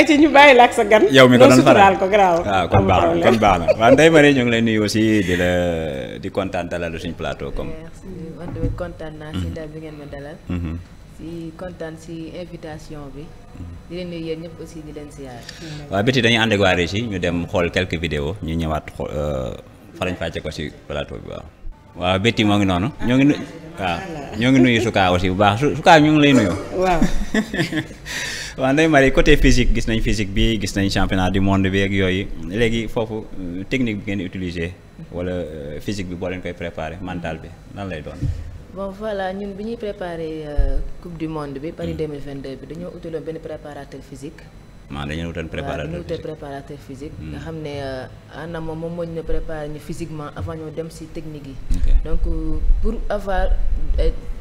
ay ci yow mi ko doon faral ko garaaw. waaw ah, kon baax na kon baax na waaw Ndeye Marie ñu ngi lay nuyu aussi di la di kontaan dalal suñu plateau comme. wax dëgg kontaan naa si mhm. dal bi ngeen ma dalal. di mhm. kontaan si invitation bi. di leen nuyu yéen ñëpp aussi di leen ziar. waaw bétti dañuy ànd ak waa ñu dem xool quelques vidéos ñu ñëwaat xool euh, farañ fàcce ko si plateau bi waaw. waaw bétti moo ngi noonu. ñoo ngi nu waaw ñoo ngi nuyu Souka aussi bu baax Souka ñu ngi lay nuyu. waaw Ndeye Marie côté physique gis nañ physique bi gis nañ championnat du monde bi ak yooyu léegi foofu euh, technique bi ngeen utiliser wala euh, physique bi boo leen koy préparer mental bi nan lay doon. bon voilà ñun bi ñuy préparer euh, coupe du monde bi Paris 2022 hmm. bi dañoo utaloon benn préparateur physique. maa dañu wutal préparateur physique hmm. nga xam ne en amont moom moo ñu préparé ñu physiquement avant ñoo dem ci technique yi. donc pour avoir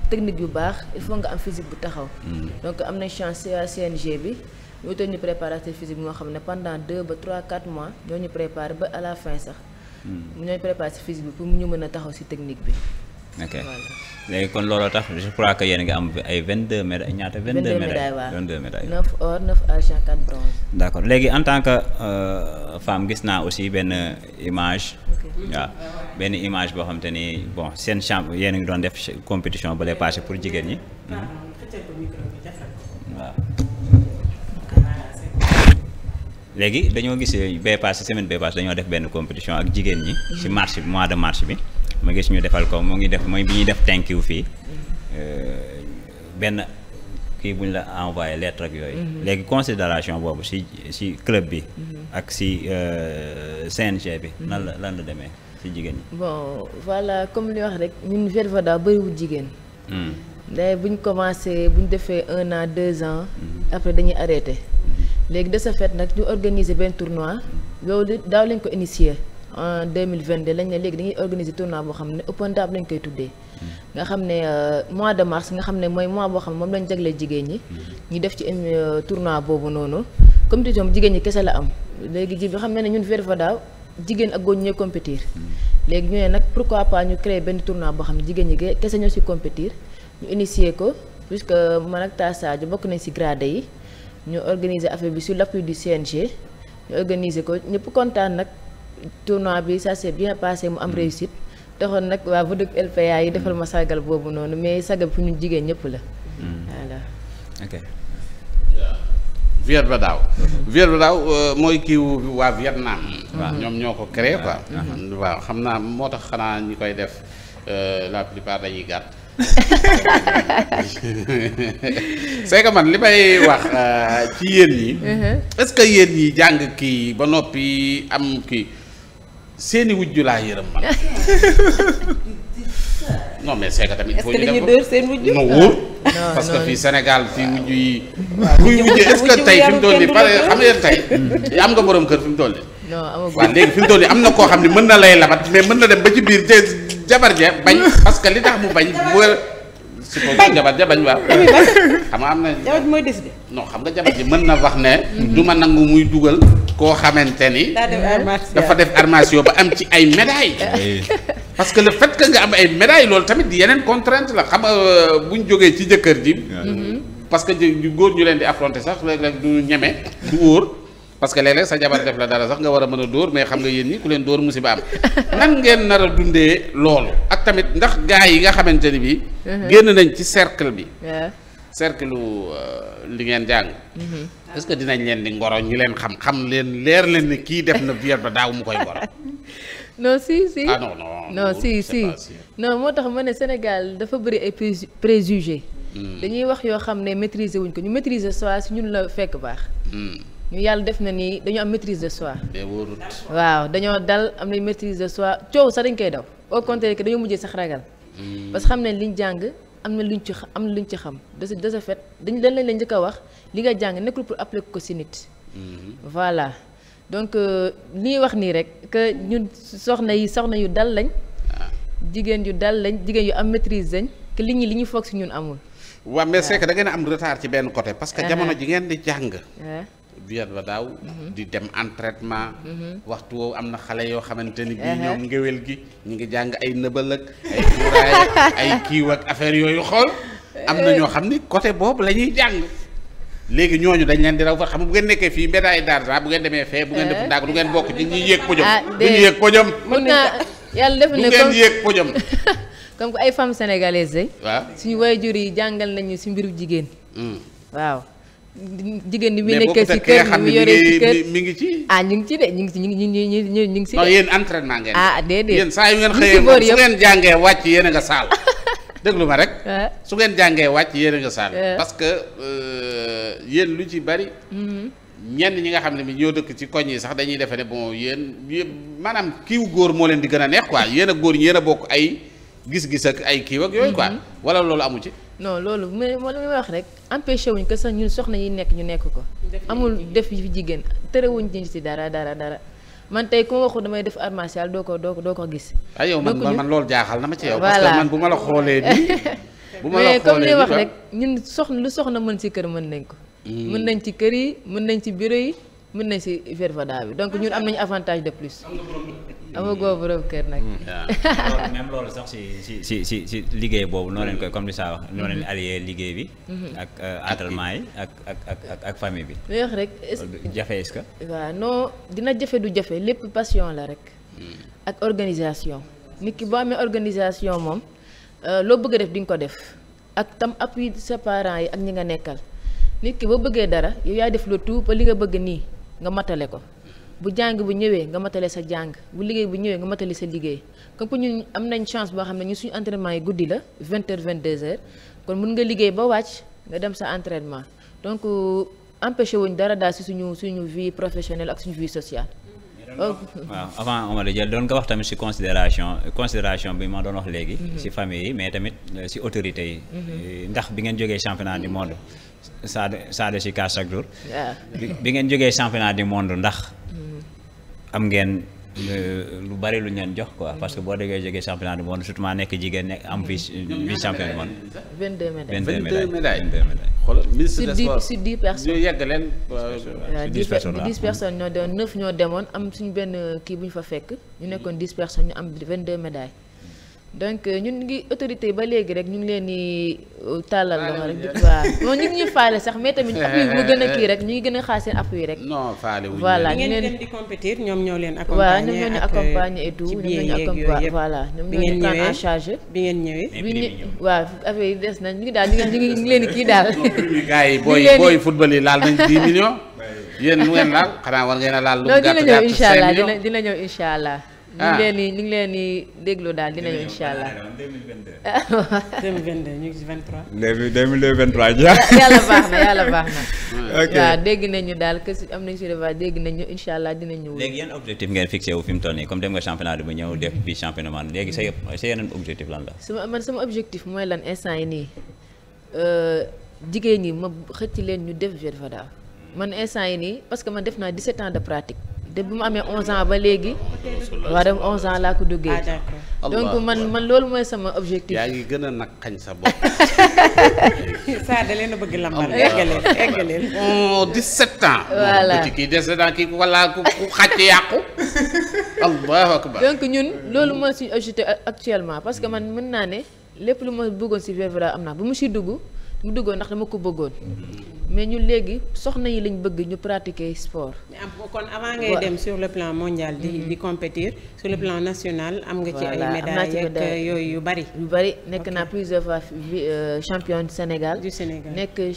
technique yu baax il faut nga am physique bu taxaw. Mm. donc am nañ chance CNG bi. ñu wutal ñu préparateur physique bi moo xam ne pendant deux ba trois quatre mois ñoo ñu préparé ba à la fin sax. Mm. ñoo ñu préparé physique bi pour mu ñu mën a taxaw si technique bi. ok léegi kon looloo tax je crois que yéen a ngi am ay vingt deux médailles ñaata vingt deux médailles vingt deux médailles neuf or accord léegi en tant que euh, femme gis naa aussi benn image waaw benn image boo xam te ni bon seen chambre yéen a ngi doon def compétition ba lay passé pour jigéen ñi ah, hmm. waaw léegi dañoo gis euh, bee passé semaine bee passé dañoo def benn compétition ak jigéen ñi ci mhm. marché mois de marché bi ma gis ñu defal ko mu ngi def mooy bi ñuy def thank you fii mm-hmm. benn kii buñ la envoyé lettre ak yooyu. Mm-hmm. léegi considération boobu si si club bi. Mm-hmm. ak si euh, CNG bi. nan la lan la demee si jigéen ñi. bon voilà comme li wax rek ñun Velvada bëriwul jigéen. day mm. bu ñu commencé bu ñu defee un an deux ans. après dañuy arrêté. léegi de ce fait nag ñu organiser benn tournoi. loolu daaw ko initier. en 2022 lañ ne léegi dañuy organiser tournoi boo xam ne open table lañ koy tuddee nga xam ne euh, mois de mars nga xam ne mooy mois boo xam ne moom lañ jagle jigéen ñi mm-hmm. ñu def ci euh, tournoi boobu noonu compétition bu jigéen ñi kese la am léegi ji bi xam ne ne ñun Verve daaw jigéen ak góor ñooy compétir mm-hmm. léegi ñu ne nag pourquoi pas ñu créer benn tournoi boo xam ne jigéen ñi kese ñoo si compétir ñu initier ko puisque man ak Taa bokk nañ si grade yi ñu organiser affaire bi sur l'appui du CNG ñu organiser ko ñëpp kontaan nag tournoi bi ça s'est bien passé mu am mm. réussite taxoon nag waa Vodok LPA yi defal ma sargal boobu noonu mais sargal fu ñu jigéen ñëpp la mm. voilà ok Ba Daaw mm-hmm. Viet Daaw euh, mooy kii waa Vietnam ñoom ñoo ko créé waaw xam naa moo tax xanaa ñi koy def euh, la plupart dañuy gàtt c'est que man li may wax euh, ci yéen ñi mm-hmm. est que yéen ñi jàng ki ba noppi am kii seeni wujju laa yërëm man. non mais c'est tamit. foo ñu def ko seen wujju. non parce que fii Sénégal fii wujju yi. kuy wujju est tey fi mu toll nii pare xam ngeen am nga boroom kër fi mu toll nii. non amagul léegi fi mu toll am na koo xam ne mën na lay labat mais mën na dem ba ci biir te jabar ja bañ parce que li tax mu bañ bu suppose jabar ja bañ waaw xam nga am na. jabar xam nga jabar ji mën na wax ne. du ma nangu muy dugal. koo xamante ni. Mm-hmm. dafa def armation ba am ci ay médailles. parce que le fait que nga am ay médailles loolu tamit yeneen contrainte la xam nga euh, bu ñu jógee ci jëkkër ji. Mm-hmm. parce que góor ñu leen di affronter sax léeg-léeg du ñeme du wóor. parce que léeg sa jabar def la dara sax nga war a mën a dóor mais xam nga yéen ñi ku leen dóor musiba am nan ngeen nar a dundee loolu ak tamit ndax gars yi nga xamante ni bii. Mm-hmm. génn nañ ci cercle bi. cercle euh, li ngeen jàng. Mhm. est-ce que dinañ leen di ngoro ñu leen xam xam leen leer leen ne kii def na biir ba daaw mu koy ngoro. non si si ah si si non moo tax ma ne Sénégal dafa bëri ay préjugés. Hmm. dañuy wax yoo xam ne maîtriser wuñ ko ñu maîtriser soi si ñun la fekk baax. Hmm. ñu yàlla def na ni dañu am maîtrise de soi. waaw dañoo dal am nañ maîtrise de soi coow sax dañ koy daw au contraire dañoo mujjee sax ragal. Hmm. parce xam ne liñ jàng. am na luñ ci am na luñ ci xam de ce fait dañ lan lañ la njëkk wax li nga jàng nekkul pour appliquer ko si nit. Mm-hmm. voilà donc euh, li wax nii rek que ñun soxna yi soxna yu dal lañ. Ah. jigéen yu dal lañ jigéen yu am maîtrise lañ que li ñi li ñu foog si ñun amul. waaw mais c'est que da ngeen a am retard ci benn côté. parce que ah. jamono ji ngeen di jàng. Ah. biir ba daaw mhm. di dem entraînement mhm. waxtu woowu am na xale yoo xamante ni bii ñoom ngéwél gi ñu ngi jàng ay nëbal ak ay cuuraay ay kiiw ak affaire yooyu xool am na ñoo xam ni côté boobu la ñuy jàng léegi ñooñu dañ leen di raw fa xam bu ngeen nekkee fii médaille d'argent bu ngeen demee fee bu ngeen def ndaag du ngeen bokk ci ñi yéeg pojom ah, du ñu yéeg pojom mën naa yàlla def na du ngeen yéeg pojom comme que ay femmes sénégalaises waaw suñu waajur yi jàngal nañu si mbiru jigéen hmm. jigéen ñi muy nekkee si kër ñi muy mi ngi ci. ah ñu ngi ci de ñu ngi ci ñu ngi ñu ngi ñu ngi si. non yéen entraînement ngeen. ah déedéet yéen saa yu ngeen xëyee jàngee wàcc yéen nga saal. déglu ma rek. su ngeen jàngee wàcc yéen a nga saal. parce que euh, yéen lu ci bari. Mm-hmm. ñenn ñi nga xam ne mi ñoo dëkk ci koñ yi sax dañuy defe ne bon yéen maanaam kiiw góor moo leen di gën a neex quoi yéen a góor ñi yéen a bokk ay gis-gis ak ay kiiw ak yooyu quoi mm-hmm. wala loolu amu ci non loolu mais ma li wax rek empêché wuñ que sax ñun soxna yi nekk ñu nekk ko. amul def yi fi jigéen terewuñ ci ci dara dara dara. man tey ku ma waxul damay def art doo ko doo ko doo ko gis. ay ah, yow man man loolu jaaxal na ma ci yow. parce que man bu ma la xoolee nii. bu ma la xoolee nii mais comme wax rek ñun soxna lu soxna mën si kër mën nañ ko. Hmm. mën nañ ci kër yi mën nañ ci bureau yi mën nañ ci vervada bi donc ah, ñun am nañu avantage de plus. amagoo borom kër nag. waaw mm. même loolu sax si si si si si liggéey boobu noo leen koy comme li saa wax noo leen mm-hmm. allié liggéey bi. Mm-hmm. ak euh, entraînement yi ak ak ak ak famille bi. weex rek jafe est-ce que. waaw non dina jafe du jafe lépp passion la rek. Mm. ak organisation. nit ki boo amee organisation moom euh, loo bëgg def di nga ko def ak tam appui sa yi ak ñi nga nekkal nit ki boo bëggee dara yow yaay def le tout ba li nga bëgg nii nga matale ko. bu jàng bu ñëwee nga matale sa jàng bu liggéey bu ñëwee nga matale sa liggéey comme ñun am nañ chance boo xam ne ñun suñu entraînement yi guddi la 20 heures 22 heures kon mun nga liggéey ba wàcc nga dem sa entraînement donc euh, empêché wuñ dara daal si suñu suñu vie professionnelle ak suñu vie sociale. waaw avant Omar di doon nga wax tamit ci considération considération bi ma doon wax léegi ci mhm. famille yi mais tamit ci euh, autorité yi mhm. euh, ndax bi ngeen jógee championnat du monde Sadio Sadio ci cas chaque jour bi ngeen jógee championnat du am ngeen euh, lu bari lu ñeen jox ko parce que boo degee jege championnat du monde surtout maa nekk jigéen nekk am vice vice champion du monde. 22 médailles 22 médailles 22 médailles. xoolal ministre des sports sur 10 leen. Euh, sur 10 personnes waaw 10 personnes ñoo ñoo demoon am suñ benn kii bu ñu fa fekk. ñu nekkoon 10 personnes ñu am 22 médailles. donc euh, ñun ngi autorité ba léegi rek ñu ngi leen di euh, tàllal loxo rek waaw moom ñu ngi ñuy faale sax mais tamit appui mu gën a kii rek ñu ngi gën a xaar seen appui rek non faale wuñu voilà ñu leen di compétir ñoom ñoo leen accompagner waaw ñoom ñoo ñu euh, accompagner et tout ñoom ñoo ñu accompagner voilà ñoom ñoo ñu prendre en charge bi ngeen ñëwee bi ñu waaw affaire yi des na ñu ngi daal ñu ngi ñu ngi leen di kii daal gars yi booy booy football yi laal nañ 10 millions yéen mu ngeen laal xanaa war ngeen a laal lu gàtt gàtt dina ñëw inshallah dina ñëw inshallah ah li nii di li ngeen di déglu daal dinañu incha allah. 2022 2022 ñu ngi ci 23. léegi 2023 ja. yàlla baax na yàlla baax na. waaw dégg nañu daal que si am nañu si revoir dégg nañu incha allah dinañu. léegi yan objectif ngeen fixé wu fi mu toll nii comme dem nga championnat bi ñëw def bi championnat man léegi sa yëpp sa yeneen objectif lan la. sama man sama objectif mooy lan instant yi nii euh, jigéen ñi ma xëcc leen ñu def Vieux Fada man instant yi nii parce que man def naa 17 ans de pratique. te bu mu amee 11 ans ba léegi. waaw dem 11 ans laa ko duggee. Ah, donc man man loolu mooy sama objectif. yaa ngi gën a nag xañ sa bopp. saa da leen bëgg lambal. eggaleel eggaleel. 17 ans. voilà ku ci kii 17 ans kii wala ku xàcc yàqu. allahu ñun loolu mooy si objectif actuellement parce que man mën naa ne lépp lu ma bëggoon si Vieux Verdun am naa bu mu si dugg mu duggoon ndax dama ko bëggoon. Mm-hmm. mais ñun léegi soxna yi lañ bëgg ñu pratiquer sport. kon avant ngay le plan mondial. di mm-hmm. di le plan national. am nga ci ay euh, yooyu yu bari. yu bari nekk naa plusieurs fois euh, championne du Sénégal. du Sénégal nekk euh,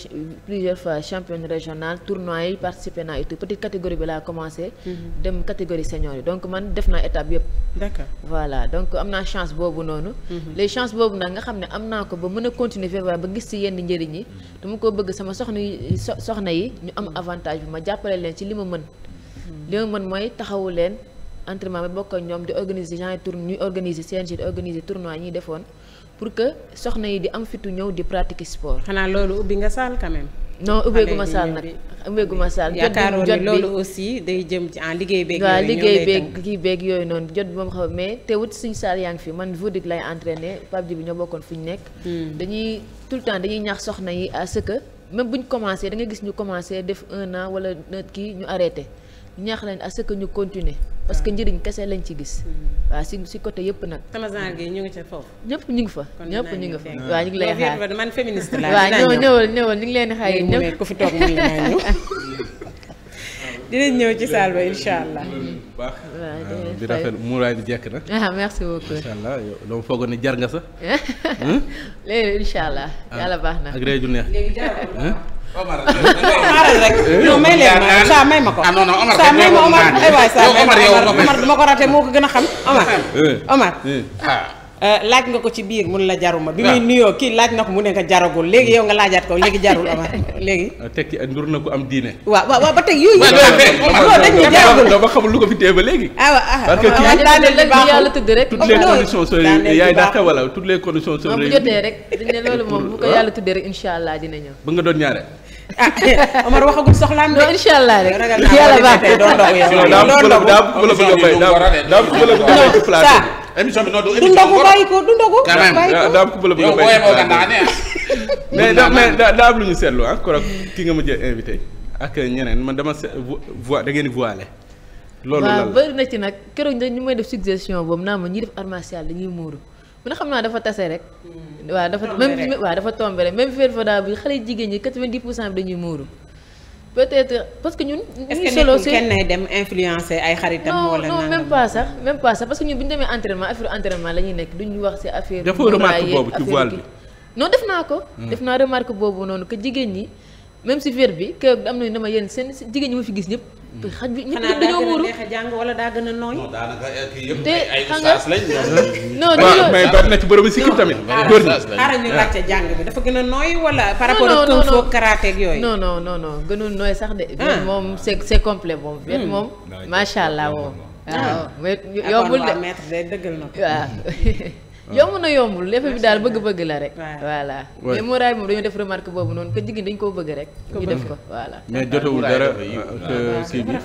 plusieurs fois championne régionale tournoi yi participé naa et tout petite catégorie bi laa commencé. Mm-hmm. dem catégorie senior yi donc man def naa étape yëpp. d'accord voilà donc am naa chance boobu noonu. Mm-hmm. les chances boobu nag nga xam ne am naa ko ba mën a continuer ba gis ci yenn njëriñ yi. dama ko bëgg sama soxna yi so soxna yi ñu am mm. avantage bi ma jàppale leen ci li ma mën mm. li ma mën mooy taxawu leen entraînement bi bokk ak ñoom di organiser genre tournoi ñuy organiser CNG di organiser tournoi ñuy defoon pour que soxna yi di am fitu ñëw di pratiquer sport. xanaa loolu ubbi nga saal quand même. non ubbeeguma saal nag ubbeeguma saal. jot bi loolu aussi day jëm ci en liggéey beeg. noonu jot bi moom xaw mais teewut suñu saal yaa ngi fi man Vodic lay entraîner Pape Djibi ñoo bokkoon fu ñu nekk. Hmm. dañuy tout le temps dañuy ñaax soxna yi à ce même buñ ñu commencé da nga gis ñu commencé def un an wala kii ñu arrêté ñaax leen à ce que ñu continuer parce que ah. njëriñ kese lañ ci gis. Hmm. waa si si côté yëpp nag. sama genre ñu ngi ca foofu. ñëpp ñu ngi fa. ñëpp ñu ngi fa waaw ñu ngi lay xaar man féministe ñëwal ñëwal ñu ngi leen di xaar ñëpp fi toog dinañ ñëw ci saal ba incha allah. Ah, muraay bi jekk na. Ah, merci beaucoup incha dama foogoon ne jar nga sax. Hmm? léegi incha allah. Ah. yàlla baax na ak réeju neex. léegi eh? may leen saa may ma ko. saa may ma Omar saa may ma Omar Omar ko raté moo ko gën a xam Omar eh? Omar. Eh? Euh, laaj nga ko ci biir mun la jaruma bi muy ah. nuyoo kii laaj na ko mu ne nga jaragul léegi mm. yow nga laajaat ko léegi jarul ama léegi euh, tekki euh, ndur na ko am diine waaw waaw waaw ba teg yooyu dañuy jaragul dama xamul lu ko fi téye ba léegi ah waaw ah, parce que kii daaneel bi yàlla tëdd rek toutes les conditions sont yaay dàqe wala toutes les conditions sont réunies bu jotee rek dañ ne loolu moom bu ko yàlla tuddee rek incha allah dina ñëw ba nga doon ñaare ah Omar waxagul soxlaam de. incha allah rek yàlla baax doon ndaw yow. doon ndaw émission bi non du ndogu bàyyi ko du ndogu. bàyyi ko daam ku bële bu mais da mais daa am lu ñu seetlu ah korok ki nga ma jël invité ak ñeneen man dama se voi da ngeen di voilé. loolu lan la waaw bëri na ci nag keroog ñu may def suggestion boobu naa ma ñiy def armatial dañuy muuru. mu ne xam naa dafa tase rek. Hmm. waaw dafa même waaw dafa tombé rek même fête foda bi xale jigéen ñi 90 pour cent bi dañuy muuru. peut-être parce ñun. ñu solo si kenn dem influencer ay xaritam. wala non non sax même pas sax parce ñun bu ñu demee entraînement affaire entraînement la ñuy nekk duñu wax si affaire. dafa remarque boobu ci voile bi non def naa ko. Hmm. def naa remarque boobu noonu que jigéen ñi même si fête bi que am nañu dama yéen seen jigéen ñi ma fi gis ñëpp. xaj bi ñëpp dañoo muuru xanaa a neex a jàng wala a nooy. na ci eh, bërëbu sikkim tamit. góor ñi xaaral ñu ah. laajte jàng bi dafa gën a nooy wala. par rapport ak kung fu karaté ak yooyu. non non non gënul nooy sax de. Ah. moom se est c' est complet moom. wet hmm. moom macha allah moom. Ah, waaw yombul de. Ah. yomb na yombul lépp bi daal bëgg-bëgg la rek. voilà mais moraay moom dañoo def remarque boobu noonu que jigéen dañ koo bëgg rek. ñu def ko voilà. mais jotewul dara ak euh, ah, kii bi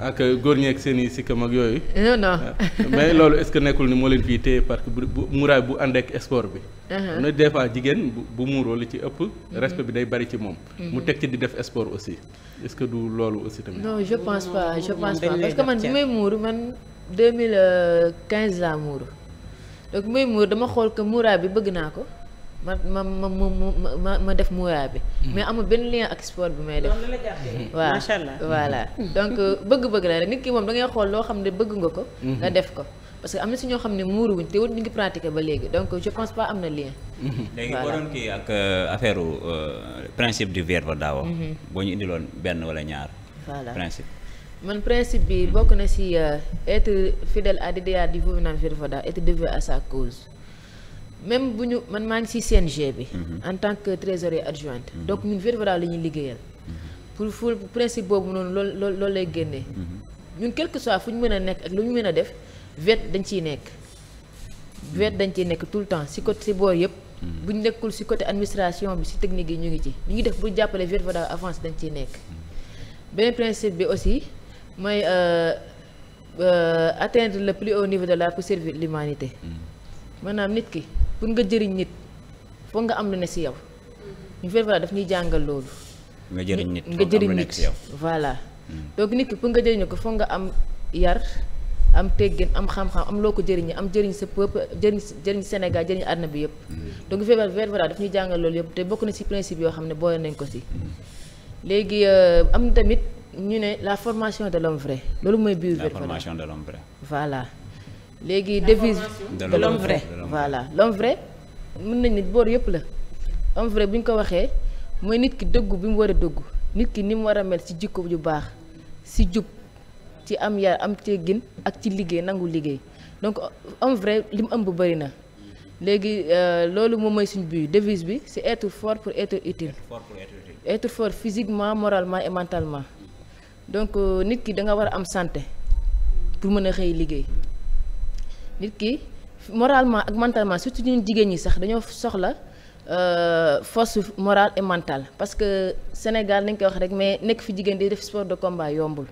ak euh, góor ñeeg seen i sikkam yooyu. non ah. mais loolu est-ce que nekkul ni moo fii téye parce que bu moraay bu ànd ak sport na uh-huh. des fois jigéen bu bu muuroo li ci ëpp. Mm-hmm. respect bi day bari ci moom. mu mm-hmm. teg ci di def sport aussi est-ce que du loolu aussi tamit. non je pense pas je pense pas parce que man bi may muuru man 2015 laa muuru. donc muy muur dama xool que muuraay bi bëgg naa ko ma ma ma ma ma def muuraay bi. Hmm. mais amul benn lien ak sport bi may def. waa hmm. hmm. macha voilà donc euh, bëgg-bëgg la rek nit ki moom da ngay xool loo xam ne bëgg nga ko. nga def ko. parce que am na si ñoo xam ne muur wuñ te wut ñu ngi pratiquer ba léegi donc je pense pas am na lien. léegi boo doon kii ak euh, affaire euh, principe du verbe daawa. boo ñu indiloon benn wala ñaar. voilà man principe bi bokk na si euh, être fidèle à l'idéal du mouvement Firfada être dévoué à sa cause même bu ñu man maa ngi si CNG bi. Mhm. en tant que trésorier adjointe. Mhm. donc ñun Firfada la ñuy liggéeyal. Mhm. pour pour principe boobu noonu loolu lool lay génnee. ñun quelque soit fu ñu mën a nekk ak lu ñu mën a def vet dañ ci nekk. vet dañ ci nekk tout le temps si côté si boor yëpp. bu ñu nekkul si côté administration bi si technique yi ñu ngi ci ñu ngi def bu jàppale Firfada avance dañ ciy nekk. beneen principe bi aussi. mooy euh, euh, atteindre le plus haut niveau de la pour servir l'humanité mm. maanaam nit ki pour nga jëriñ nit foog nga am lu ne si yow ñu fee daf ñuy jàngal loolu nga jëriñ nit nga jëriñ nit voilà mm. donc nit ki pour nga jëriñ ko foog nga am yar am teggin am xam-xam am loo ko jëriñee am jëriñ sa peuple jëriñ jëriñ Sénégal jëriñ àdduna bi yëpp mm. donc feebar ver voilà daf ñuy jàngal loolu yëpp te bokk na si principe yoo xam ne boole nañ ko si léegi euh, am tamit ñu ne la formation de l'homme vrai loolu mooy biir la formation de l'homme vrai voilà léegi devise de l'homme vrai voilà l'homme vrai mën nañ nit boor yëpp la homme vrai bu ñu ko waxee mooy nit ki dëggu bi mu war a dëgg nit ki ni mu war a mel ci jikko ju baax ci jub ci am yar am teggin ak ci liggéey nangu liggéey donc homme li mu ëmb bëri na léegi euh, loolu moom mooy suñu but devise bi c'est être fort pour être utile être fort physiquement moralement et donc euh, nit ki da nga war a am santé pour mën a xëy liggéey nit ki moralement ak mentalement surtout ñun jigéen ñi sax dañoo soxla euh, force morale et mentale parce que Sénégal dañ koy wax rek mais nekk fi jigéen di def sport de combat yombul.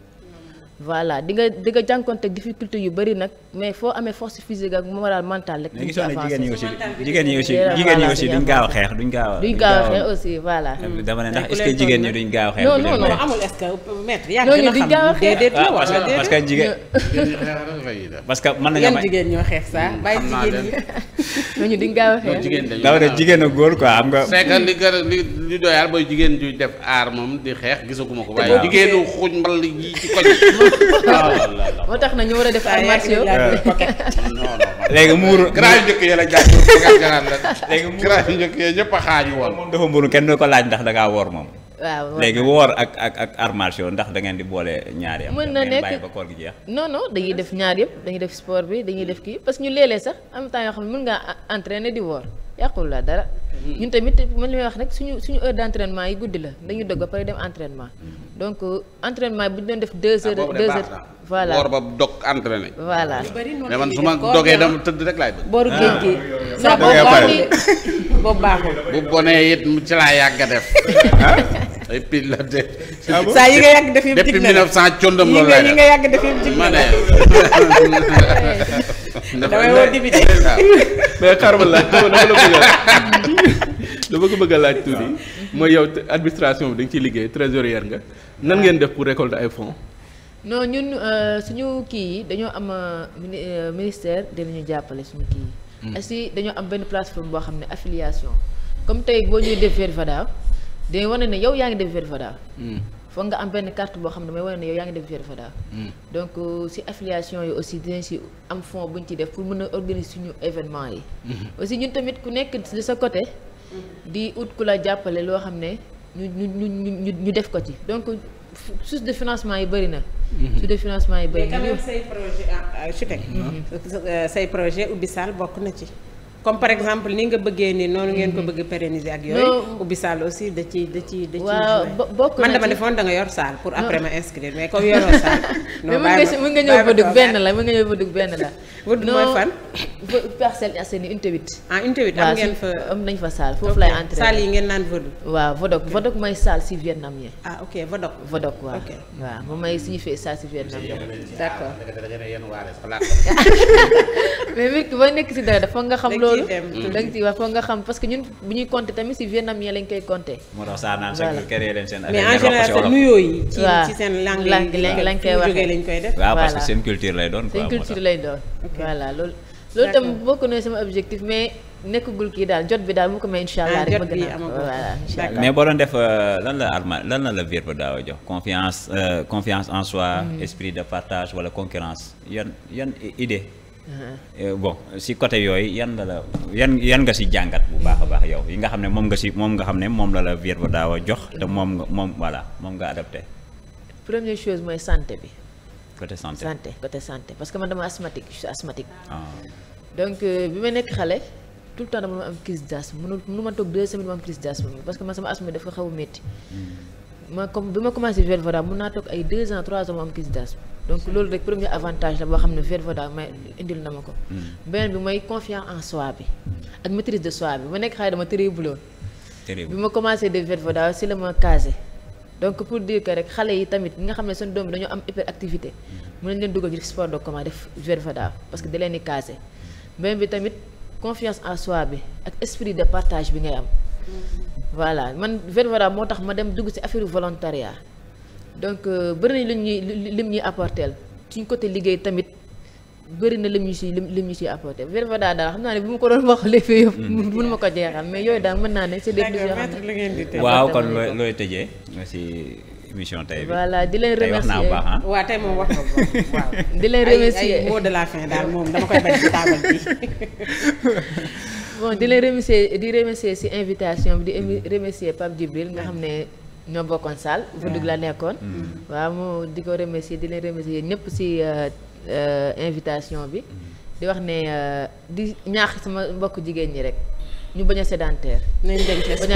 voilà di nga di te jànkoonte difficulté yu bëri nag mais foo amee force physique ak moral mental rek. ñu ci avancé mais gisoon ne jigéen ñi aussi jigéen ñi duñ gaaw a xeex duñ gaaw gaaw a ne ndax est que jigéen ñi duñ gaaw a xeex. non non non amul est-ce que euh, maître yaa gën a xam déedéet la parce que parce que jigéen. parce que mën nañoo jigéen ñoo xeex sax mm. bàyyi jigéen a xeex. jigéen dañuy gaaw jigéen ak góor quoi am nga. c'est que li jigéen juy def aar moom di xeex gisaguma ko waaye jigéenu xuj mbal yi ci koñ moo tax na ñu war a def ay marché léegi muuru. grand yu njëkk yi la jàpp léegi muuru a xaaju woon. moom dafa muuru kenn du ko laaj ndax da ngaa woor moom. waaw léegi woor ak ak ak ndax da ngeen di boole ñaar yam. mën na nekk bàyyi ba gi jeex. non non dañuy def ñaar yëpp dañuy def sport bi dañuy def kii parce que ñu léeg sax am temps yoo xam ne mën ngaa entraîner di woor yàqul laa dara. Mm. ñun tamit man li may wax rek suñu suñu heure d' yi guddi la dañu dog ba pare dem entraînement. donc entraînement bu ñu doon def deux heures ah, deux heures. voilà boor ba dog entraîné. voilà mais man su ma dogee dama tëdd rek laay bëgg. booru ah. géej gi. sa boobu baaxul bu bonee it mu ci laa yàgg a def. Ah. ay pile la de. Ah saa yi nga yàgg def yëpp jig na depuis 1900 condom loolu lay def yi nga yàgg def yëpp jig na la. damay woo député. mais xaaral ma laaj dama la bëgg a dama ko bëgg a laaj tuuti mooy yow administration bi da nga ciy liggéey trésorière nga nan ngeen def pour récolter ay fonds. non ñun euh, suñu kii yi dañoo am euh, euh, ministère dinañu jàppale suñu kii yi. aussi hmm. dañoo am benn plateforme boo xam ne affiliation comme tey boo ñuy def Vervada. day wane ne yow yaa ngi def Velfada. Hmm. foog nga am benn carte boo xam ne mooy wane ne yow yaa ngi def Velfada. Hmm. donc euh, si affiliation yi aussi dinañ si am fond buñ ci def pour mën a organiser suñu événement yi. Hmm. aussi ñun tamit ku nekk de sa côté. di ut ku la jàppale loo xam ne ñu ñu ñu ñu ñu def ko ci donc source de financement yi bëri na. source de financement yi bëri na. mais quand même say projet ah, ah, ah. euh, say projet ubbi saal bokk na ci. comme par exemple ni nga bëggee ni noonu ngeen ko mm-hmm. bëgg pérenniser ak yooyu ubbi salle aussi da ci da ci da ci waaw man dama defoon da nga yor salle pour après ma inscrire mais comme yoroo salle non mën nga ñëw bëddug benn la mën nga ñëw bëddug benn la bëddug mooy fan Parcelles Assainies unité 8 ah unité 8 am ngeen fa am nañ fa salle foofu lay entrer salle yi ngeen naan vodou waaw vodok vodok mooy salle si vietnamien ah ok vodok vodok waaw waaw moom mooy signifié salle si vietnamien d'accord ah, mais nit ki boo nekk si dara dafa nga xam loolu da nga ci wax foog nga xam parce que ñun bu ñuy compter tamit si vietnam yi lañ koy compter. moo tax saa mais en général sax nuyoo yi. ci ci seen langue lañ koy waxee lañ koy def. waaw parce que seen culture lay doon quoi seen culture lay doon. voilà loolu. loolu tam bokk na sama objectif mais nekkagul kii daal jot bi daal mu ko may incha allah. Ah, rek bëgg naa voilà mais boo doon def euh, lan la Arma lan la la Vierba daaw jox confiance euh, confiance en soi. Mm. esprit de partage wala concurrence yan yan idée. Eh, bo si côté yooyu yan la la yan yan nga si jàngat bu baax a baax yow yi nga xam ne moom nga si moom nga xam ne moom la la Vierba daaw a jox te moom nga moom voilà moom nga adapté. première chose mooy santé bi. côté santé santé côté parce que man dama asthmatique je suis asthmatique. Ah. donc euh, bi ma nekk xale. tout le temps dama am crise d'asthme mënul ma toog deux semaines ma parce que man sama asthme dafa xaw a métti. Hmm. ma comme bi ma commencé Velvoda mën naa toog ay deux ans trois ans ma am donc loolu rek premier avantage la boo xam ne Velvoda may indil na ma ko. Mm. beneen bi mooy confiance en soi bi ak maîtrise de soi bi ma nekk xale dama terrible woon. terrible bi ma commencé def Velvoda si la ma casé. donc pour dire que rek xale yi tamit nga xam ne seen doom dañoo am hyperactivité mm. mën nañ leen dugal ci sport de combat def Velvoda parce que da leen di casé mm. beneen bi tamit confiance en soi bi ak esprit de partage bi ngay am. voilà man Velvoda moo tax ma dem dugg ci affaire volontariat. donc euh, bëri nañ li ñuy lim ñuy apporteel suñ côté liggéey tamit bëri na lim ñu si lim ñu si apporté Velvada daal xam naa ne bu ma ko doon wax lépp yëpp. Mm. mënu ma ko jeexal mais yooyu daal mën naa ne. c'est des plusieurs waaw kon looy looy tëjee di leen remercier tey wax ah. moom wax nga ko waaw. di la fin bi. bon di leen remercier di remercier si invitation bi di remercier Pape Djibril nga xam ne. ñoo bokkoon saal Voulouk la mm. nekkoon. Mm. waaw mu di ko remercier di leen remercier ñëpp si euh, euh, invitation bi. Mm. di wax ne euh, di ñaax sama mbokk jigéen ñi rek ñu bañ a sédentaire. nañ dem ci sport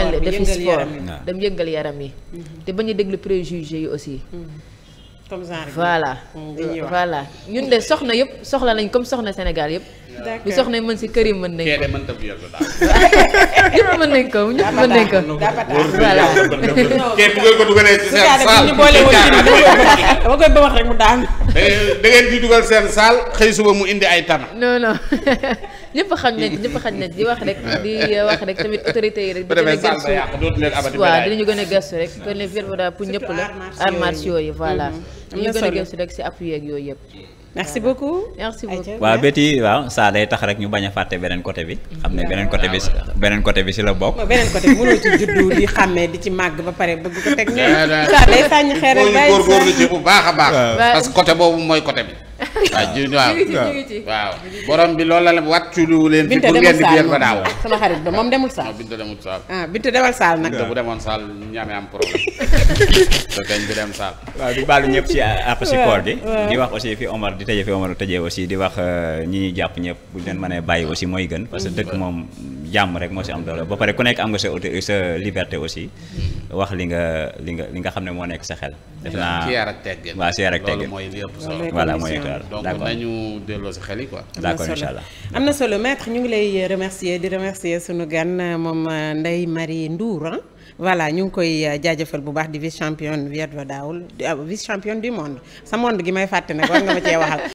yaram yi dem yëngal yaram yi. Mm-hmm. te bañ déglu préjugé yi aussi. Mm-hmm. comme voilà. voilà ñun de soxna yëpp soxla nañ comme soxna Sénégal yëpp. bi soxna mën si kër yi mën nañ ko. mën ñëpp mën nañ ko ñëpp mën nañ ko. voilà. bu ngeen ko dugalee ci seen saal koy ba wax rek mu daan. da ngeen di dugal seen saal xëy suba mu indi ay tana. non non ñëpp xam nañ ñëpp xam nañ di wax rek di wax rek tamit autorité yi rek. di gën a gëstu waaw gën a gëstu rek. kon les verbes pour ñëpp la arts martiaux yi voilà. Mm-hmm. ñu gën a gëstu rek si appui yeeg yooyu yëpp merci beaucoup merci beaucoup waaw béti waaw saa day tax rek ñu bañ a fàtte beneen côté bi mm-hmm. xam ne beneen côté bi beneen côté bi si la bokk beneen côté bi mënoo ci juddu di xàmmee di ci màgg ba pare bëgg ko teg ne saa day sànni xeer rek góorgóorlu baax a baax parce que côté boobu mooy côté bi Ah, ah, waaw borom bi lool la wàcculu leen fi pour ngeen di biir ba daaw sama xarit ba moom demul saal ah, binta demal saal nag bu demoon saal ñaamee am problème te kañ di dem saal waaw di baalu ñëpp ci àq euh, si koor gi di wax aussi fi Omar di tëjee fi Omar tëjee aussi di wax euh, ñi ñuy jàpp ñëpp bu leen mën mënee bàyyi aussi mooy gën parce que dëkk moom jàmm rek moo si am doole ba pare ku nekk am nga sa liberté aussi wax li nga li nga xam ne moo nekk sa xel. def naa waaw si yar ak teggin mooy li ëpp solo voilà mooy d' accord donc nañu delloo si xel yi quoi. d' accord incha am na solo maître ñu ngi lay remercier di remercier sunu gan moom Ndeye Marie Ndour ah. voilà ñu ngi koy jaajëfal bu baax di vice championne Viet va daawul ah, vice championne du monde sa monde gi may fàtte nag war nga ma cee waxal.